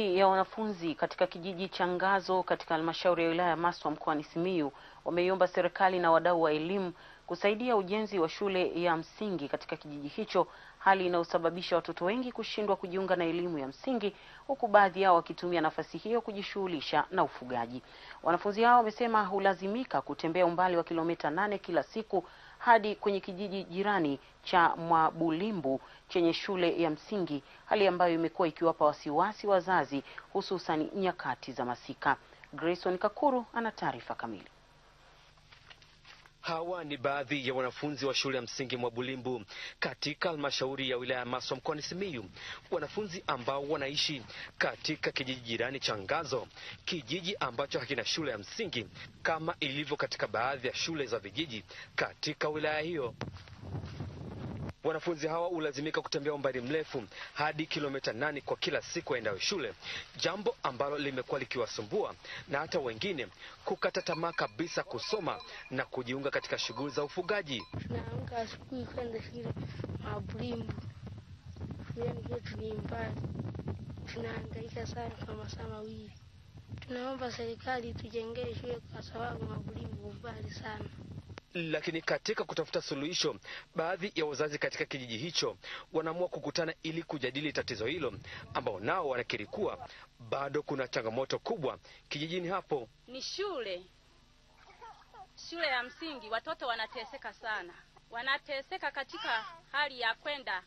ya wanafunzi katika kijiji cha Ngazo katika halmashauri ya wilaya ya Maswa mkoani Simiyu wameiomba serikali na wadau wa elimu kusaidia ujenzi wa shule ya msingi katika kijiji hicho, hali inayosababisha watoto wengi kushindwa kujiunga na elimu ya msingi, huku baadhi yao wakitumia nafasi hiyo kujishughulisha na ufugaji. Wanafunzi hao wamesema hulazimika kutembea umbali wa kilomita nane kila siku hadi kwenye kijiji jirani cha Mwabulimbu chenye shule ya msingi, hali ambayo imekuwa ikiwapa wasiwasi wazazi hususan nyakati za masika. Grayson Kakuru ana taarifa kamili. Hawa ni baadhi ya wanafunzi wa shule ya msingi Mwabulimbu katika halmashauri ya wilaya ya Maswa mkoani Simiyu, wanafunzi ambao wanaishi katika kijiji jirani cha Ngazo, kijiji ambacho hakina shule ya msingi kama ilivyo katika baadhi ya shule za vijiji katika wilaya hiyo. Wanafunzi hawa hulazimika kutembea umbali mrefu hadi kilomita nane kwa kila siku waendayo shule, jambo ambalo limekuwa likiwasumbua na hata wengine kukata tamaa kabisa kusoma na kujiunga katika shughuli za ufugaji. Naamka asubuhi kwenda shule Mabulimbu, shuleni yaani kwetu ni mbali, tunahangaika sana kwa masaa mawili. Tunaomba serikali tujengee shule kwa sababu Mabulimbu mbali sana. Lakini katika kutafuta suluhisho, baadhi ya wazazi katika kijiji hicho wanaamua kukutana ili kujadili tatizo hilo, ambao nao wanakiri kuwa bado kuna changamoto kubwa kijijini hapo. Ni shule, shule ya msingi. Watoto wanateseka sana, wanateseka katika hali ya kwenda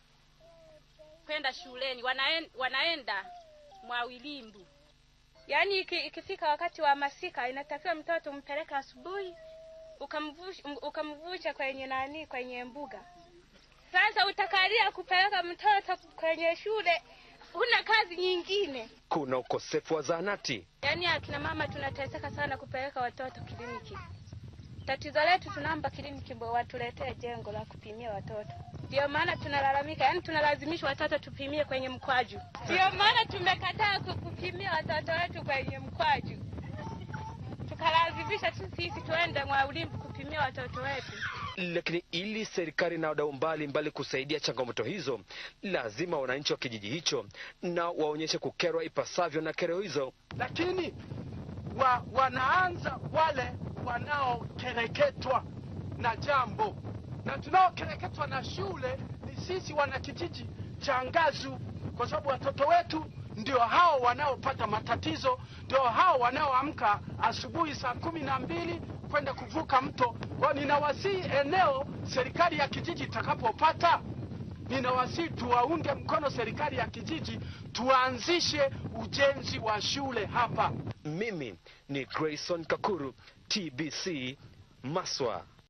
kwenda shuleni, wanaen, wanaenda mwawilimbu. Yaani ikifika wakati wa masika, inatakiwa mtoto mpeleke asubuhi Um, ukamvusha kwenye nani, kwenye mbuga. Sasa utakalia kupeleka mtoto kwenye shule, huna kazi nyingine. Kuna ukosefu wa zahanati, yaani akina mama tunateseka sana kupeleka watoto kliniki. Tatizo letu tunaomba kliniki mbo watuletee jengo la kupimia watoto. Ndio maana tunalalamika, yaani tunalazimisha watoto tupimie kwenye mkwaju. Ndio maana tumekataa kupimia watoto wetu kwenye mkwaju halazimisha sisi tuende Mwaulimbu kupimia watoto wetu. Lakini ili serikali na wadau mbalimbali kusaidia changamoto hizo, lazima wananchi wa kijiji hicho na waonyeshe kukerwa ipasavyo na kero hizo, lakini wa, wanaanza wale wanaokereketwa na jambo, na tunaokereketwa na shule ni sisi wanakijiji cha Ngazu, kwa sababu watoto wetu ndio hao wanaopata matatizo ndio hao wanaoamka asubuhi saa kumi na mbili kwenda kuvuka mto. Ninawasihi eneo serikali ya kijiji itakapopata, ninawasihi tuwaunge mkono serikali ya kijiji, tuanzishe ujenzi wa shule hapa. Mimi ni Grayson Kakuru, TBC Maswa.